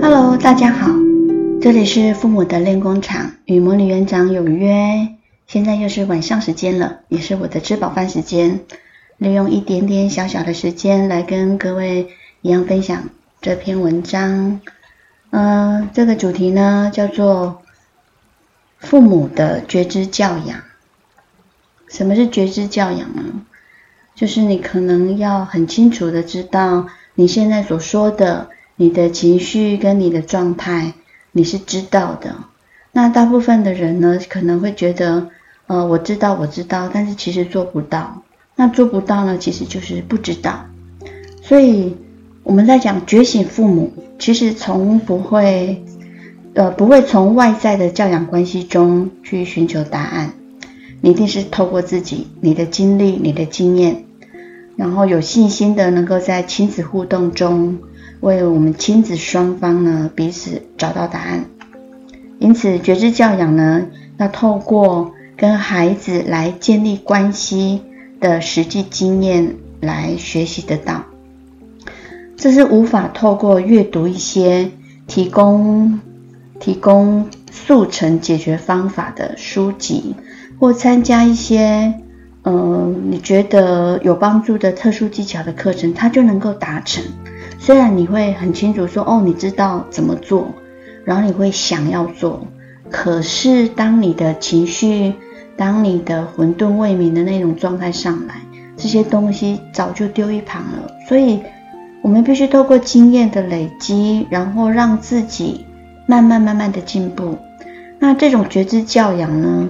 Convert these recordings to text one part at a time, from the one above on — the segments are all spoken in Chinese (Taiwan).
Hello，大家好，這裡是父母的練功場與魔女園長有約。現在又是晚上時間了，也是我的吃飽飯時間。利用一點點小小的時間來跟各位一樣分享這篇文章。嗯、呃，這個主題呢叫做父母的覺知教養。什麼是覺知教養呢？就是你可能要很清楚的知道你現在所說的，你的情緒跟你的狀態，你是知道的。那大部分的人呢，可能會覺得，呃，我知道，我知道，但是其實做不到。那做不到呢，其實就是不知道。所以我們在講覺醒父母，其實從不會，呃，不會從外在的教養關係中去尋求答案。你一定是透過自己、你的經歷、你的經驗，然後有信心的，能夠在親子互動中，為我們親子雙方呢彼此找到答案。因此，覺知教養呢，要透過跟孩子來建立關係的實際經驗來學習得到，這是無法透過閱讀一些提供提供速成解決方法的書籍。或參加一些，嗯、呃，你覺得有幫助的特殊技巧的課程，它就能夠達成。雖然你會很清楚說，哦，你知道怎麼做，然後你會想要做，可是當你的情緒、當你的混沌未明的那種狀態上來，這些東西早就丟一旁了。所以，我們必須透過經驗的累積，然後讓自己慢慢、慢慢的進步。那這種覺知教養呢，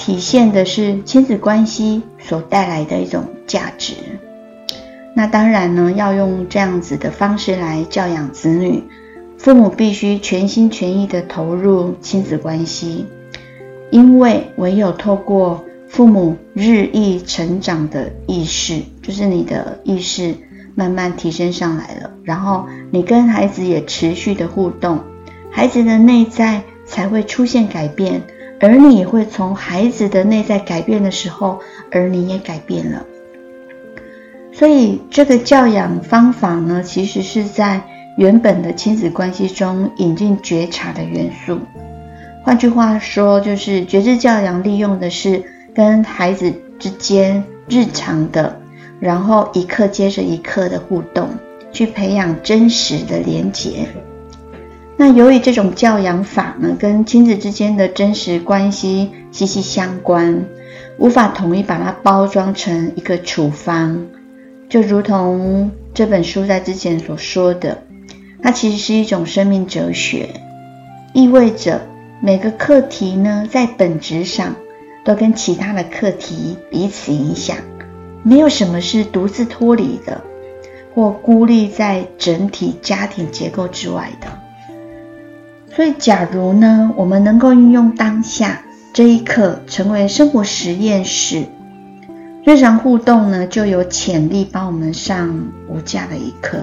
體現的是親子關係所帶來的一種價值。那當然呢，要用這樣子的方式來教養子女，父母必須全心全意的投入親子關係，因為唯有透過父母日益成長的意識，就是你的意識慢慢提升上來了，然後你跟孩子也持續的互動，孩子的內在才會出現改變。而你會從孩子的內在改變的時候，而你也改變了。所以，這個教養方法呢，其實是在原本的親子關係中引進覺察的元素。換句話說，就是覺知教養利用的是跟孩子之間日常的，然後一刻接着一刻的互動，去培養真實的連結。那由於這種教養法呢，跟親子之間的真實關係息息相關，無法統一把它包裝成一個處方，就如同這本書在之前所說的，它其實是一種生命哲學，意味着每個課題呢，在本質上都跟其他的課題彼此影響，沒有什麼是獨自脫離的，或孤立在整體家庭結構之外的。所以，假如呢，我們能夠運用當下這一刻，成為生活實驗室，日常互動呢，就有潛力幫我們上無價的一課。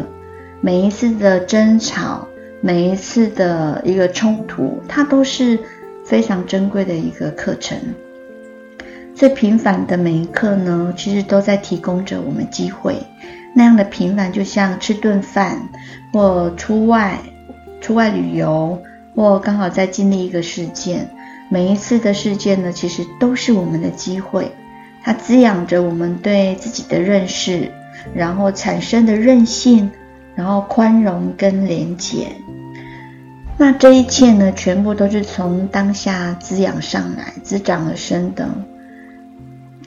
每一次的爭吵，每一次的一個衝突，它都是非常珍貴的一個課程。最平凡的每一刻呢，其實都在提供着我們機會。那樣的平凡，就像吃頓飯，或出外出外旅遊。或剛好在經歷一個事件，每一次的事件呢，其實都是我們的機會，它滋養着我們對自己的認識，然後產生的韌性，然後寬容跟廉潔。那這一切呢，全部都是從當下滋養上來、滋長而生的。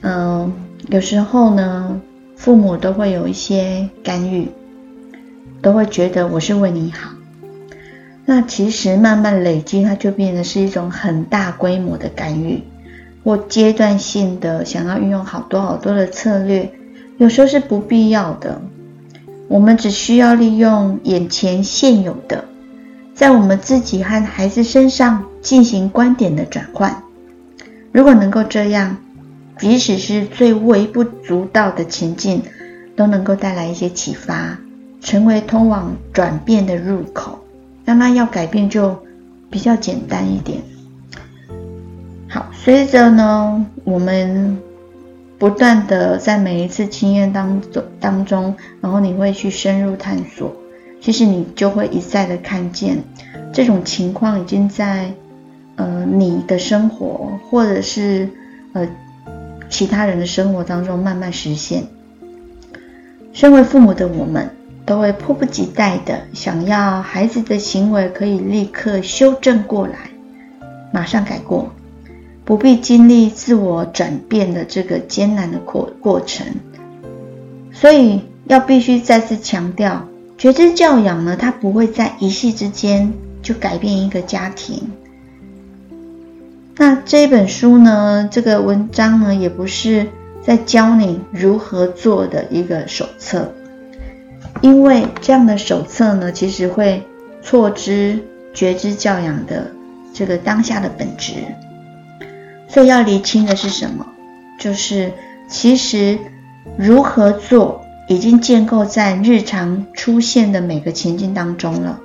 嗯，有時候呢，父母都會有一些干預，都會覺得我是為你好。那其實慢慢累積，它就變得是一種很大規模的干預，或階段性的想要運用好多好多的策略，有時候是不必要的。我們只需要利用眼前現有的，在我們自己和孩子身上進行觀點的轉換。如果能夠這樣，即使是最微不足道的情境，都能夠帶來一些啟發，成為通往轉變的入口。慢慢要改變就比較簡單一點。好，隨着呢，我們不斷的在每一次經驗當中當中，然後你會去深入探索，其實你就會一再的看見，這種情況已經在呃你的生活或者是呃其他人的生活當中慢慢實現。身為父母的我們。都會迫不及待的想要孩子的行為可以立刻修正過來，馬上改過，不必經歷自我轉變的這個艱難的過過程。所以要必須再次強調，覺知教養呢，它不會在一夕之間就改變一個家庭。那這一本書呢，這個文章呢，也不是在教你如何做的一個手冊。因為這樣的手冊呢，其實會錯知覺知教養的這個當下的本質，所以要釐清的是什麼？就是其實如何做已經建構在日常出現的每個情境當中了，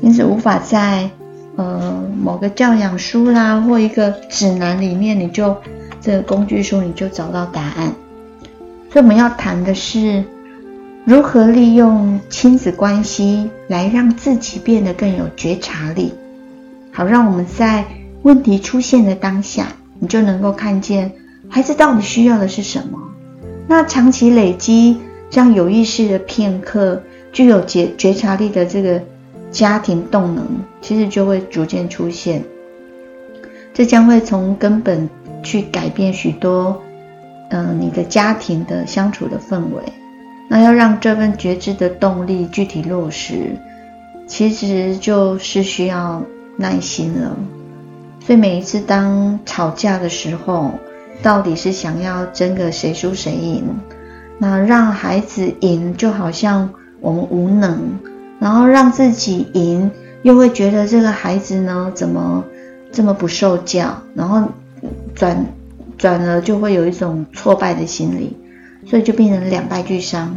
因此無法在呃某個教養書啦或一個指南裡面，你就這個工具書你就找到答案。所以我們要談的是。如何利用親子關係來讓自己變得更有覺察力，好讓我們在問題出現的當下，你就能夠看見孩子到底需要的是什麼。那長期累積這樣有意識的片刻，具有覺覺察力的這個家庭動能，其實就會逐漸出現。這將會從根本去改變許多，嗯、呃，你的家庭的相處的氛圍。那要讓這份覺知的動力具體落實，其實就是需要耐心了。所以每一次當吵架的時候，到底是想要爭個誰輸誰贏？那讓孩子贏，就好像我們無能；然後讓自己贏，又會覺得這個孩子呢怎麼這麼不受教？然後轉轉了，就會有一種挫敗的心理。所以就變成兩敗俱傷。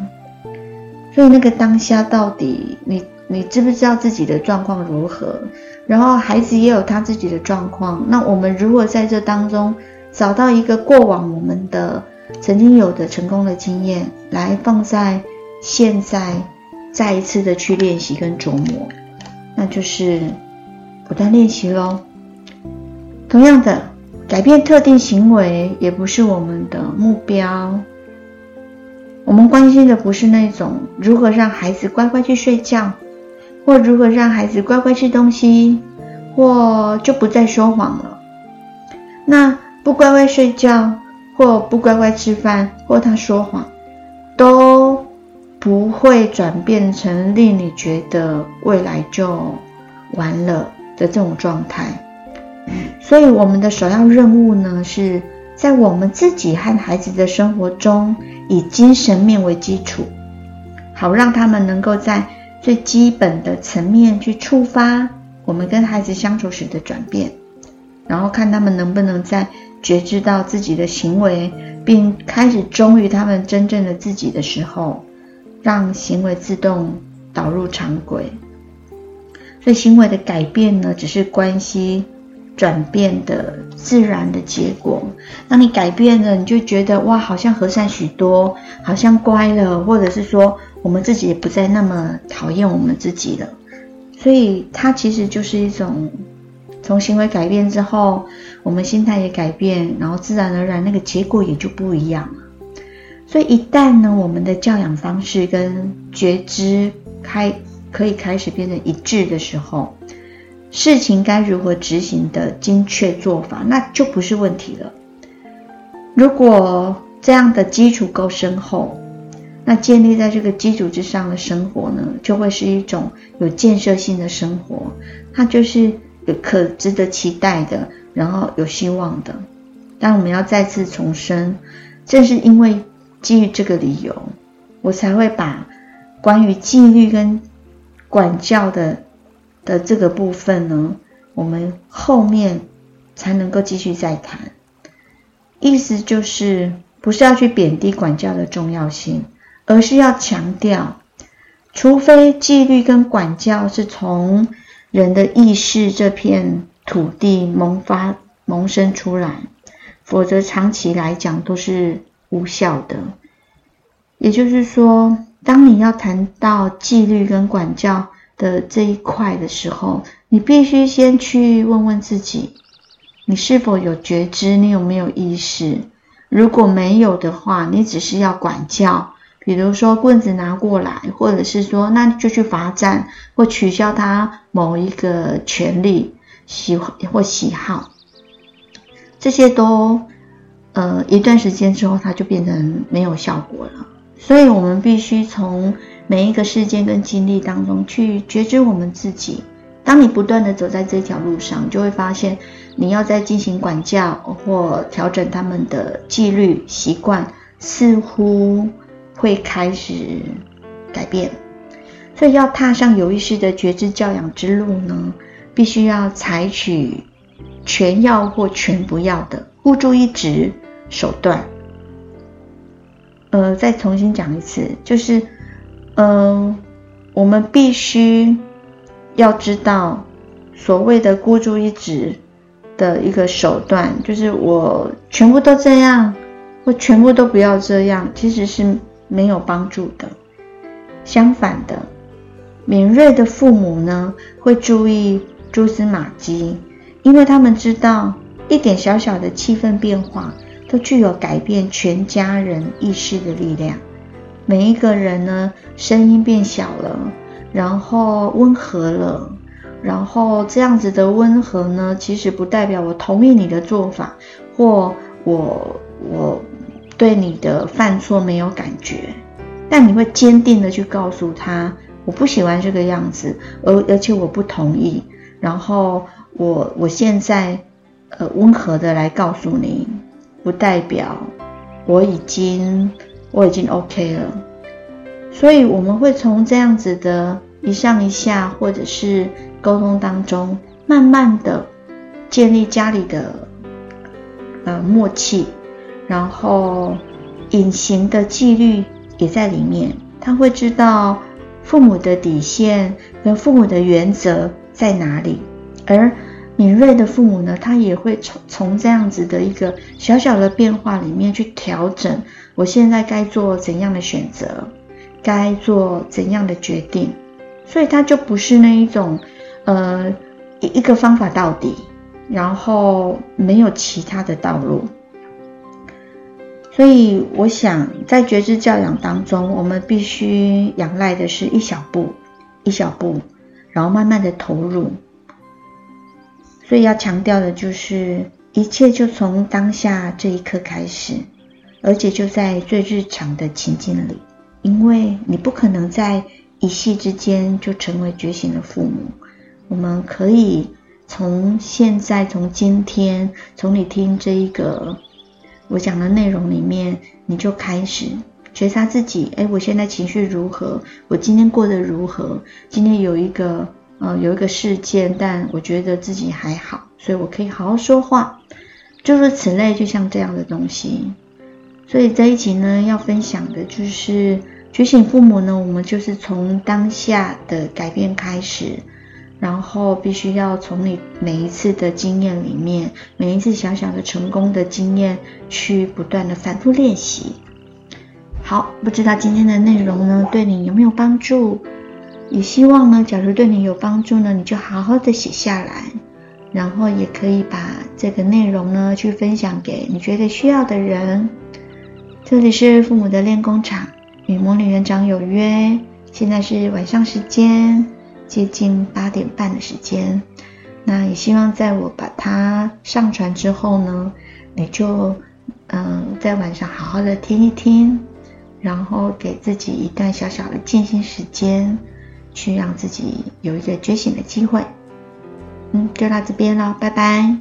所以那個當下到底你你知不知道自己的狀況如何？然後孩子也有他自己的狀況。那我們如何在這當中找到一個過往我們的曾經有的成功的經驗，來放在現在再一次的去練習跟琢磨，那就是不斷練習嘍。同樣的，改變特定行為也不是我們的目標。我們關心的不是那種如何讓孩子乖乖去睡覺，或如何讓孩子乖乖吃東西，或就不再說謊了。那不乖乖睡覺，或不乖乖吃飯，或他說謊，都不會轉變成令你覺得未來就完了的這種狀態。所以我們的首要任務呢是。在我們自己和孩子的生活中，以精神面為基礎，好讓他們能夠在最基本的層面去觸發我們跟孩子相處時的轉變，然後看他們能不能在覺知到自己的行為，並開始忠於他們真正的自己的時候，讓行為自動導入常規。所以行為的改變呢，只是關係。轉變的自然的結果，當你改變了，你就覺得哇，好像和善許多，好像乖了，或者是說，我們自己也不再那麼討厭我們自己了。所以它其實就是一種，從行為改變之後，我們心態也改變，然後自然而然那個結果也就不一樣了。所以一旦呢，我們的教養方式跟覺知開可以開始變成一致的時候，事情該如何執行的精確做法，那就不是問題了。如果這樣的基礎夠深厚，那建立在這個基礎之上的生活呢，就會是一種有建設性的生活，它就是有可值得期待的，然後有希望的。但我們要再次重申，正是因為基於這個理由，我才會把關於紀律跟管教的。的這個部分呢，我們後面才能夠繼續再談。意思就是，不是要去貶低管教的重要性，而是要強調，除非紀律跟管教是從人的意識這片土地萌發、萌生出來，否則長期來講都是無效的。也就是說，當你要談到紀律跟管教，的這一塊的時候，你必須先去問問自己，你是否有覺知，你有沒有意識？如果沒有的話，你只是要管教，比如說棍子拿過來，或者是說那你就去罰站，或取消他某一個權利、喜或喜好。這些都，呃，一段時間之後，它就變成沒有效果了。所以，我們必須從。每一個事件跟經歷當中去覺知我們自己。當你不斷的走在這條路上，你就會發現你要在進行管教或調整他們的紀律習慣，似乎會開始改變。所以要踏上有意識的覺知教養之路呢，必須要採取全要或全不要的孤注一擲手段。呃，再重新講一次，就是。嗯、呃，我們必須要知道，所謂的孤注一擲的一個手段，就是我全部都這樣，或全部都不要這樣，其實是沒有幫助的。相反的，敏銳的父母呢，會注意蛛絲馬跡，因為他們知道一點小小的氣氛變化，都具有改變全家人意識的力量。每一個人呢，聲音變小了，然後，溫和了，然後這樣子的溫和呢，其實不代表我同意你的做法，或我我對你的犯錯沒有感覺，但你會堅定的去告訴他，我不喜歡這個樣子，而而且我不同意，然後我我現在呃溫和的來告訴你，不代表我已經。我已經 OK 了，所以我們會從這樣子的一上一下，或者是溝通當中，慢慢的建立家裡的呃默契，然後隱形的紀律也在裡面。他會知道父母的底線跟父母的原則在哪裡。而敏銳的父母呢，他也會從從這樣子的一個小小的變化裡面去調整。我現在該做怎樣的選擇？該做怎樣的決定？所以它就不是那一種，呃，一一個方法到底，然後沒有其他的道路。所以我想，在覺知教養當中，我們必須仰賴的是一小步，一小步，然後慢慢的投入。所以要強調的就是，一切就從當下這一刻開始。而且就在最日常的情境裡，因為你不可能在一夕之間就成為覺醒的父母。我們可以從現在、從今天、從你聽這一個我講的內容裡面，你就開始覺察自己。哎，我現在情緒如何？我今天過得如何？今天有一個呃有一個事件，但我覺得自己還好，所以我可以好好說話。諸如此類，就像這樣的東西。所以這一集呢，要分享的就是覺醒父母呢。我們就是從當下的改變開始，然後必須要從你每一次的經驗裡面，每一次小小的成功的經驗，去不斷的反覆練習。好，不知道今天的內容呢，對你有沒有幫助？也希望呢，假如對你有幫助呢，你就好好的寫下來，然後也可以把這個內容呢，去分享給你覺得需要的人。這裡是父母的練功場，與魔女園長有約。現在是晚上時間，接近八點半的時間。那也希望在我把它上傳之後呢，你就嗯，呃，在晚上好好的聽一聽，然後給自己一段小小的靜心時間，去讓自己有一個覺醒的機會。嗯，就到這邊了，拜拜。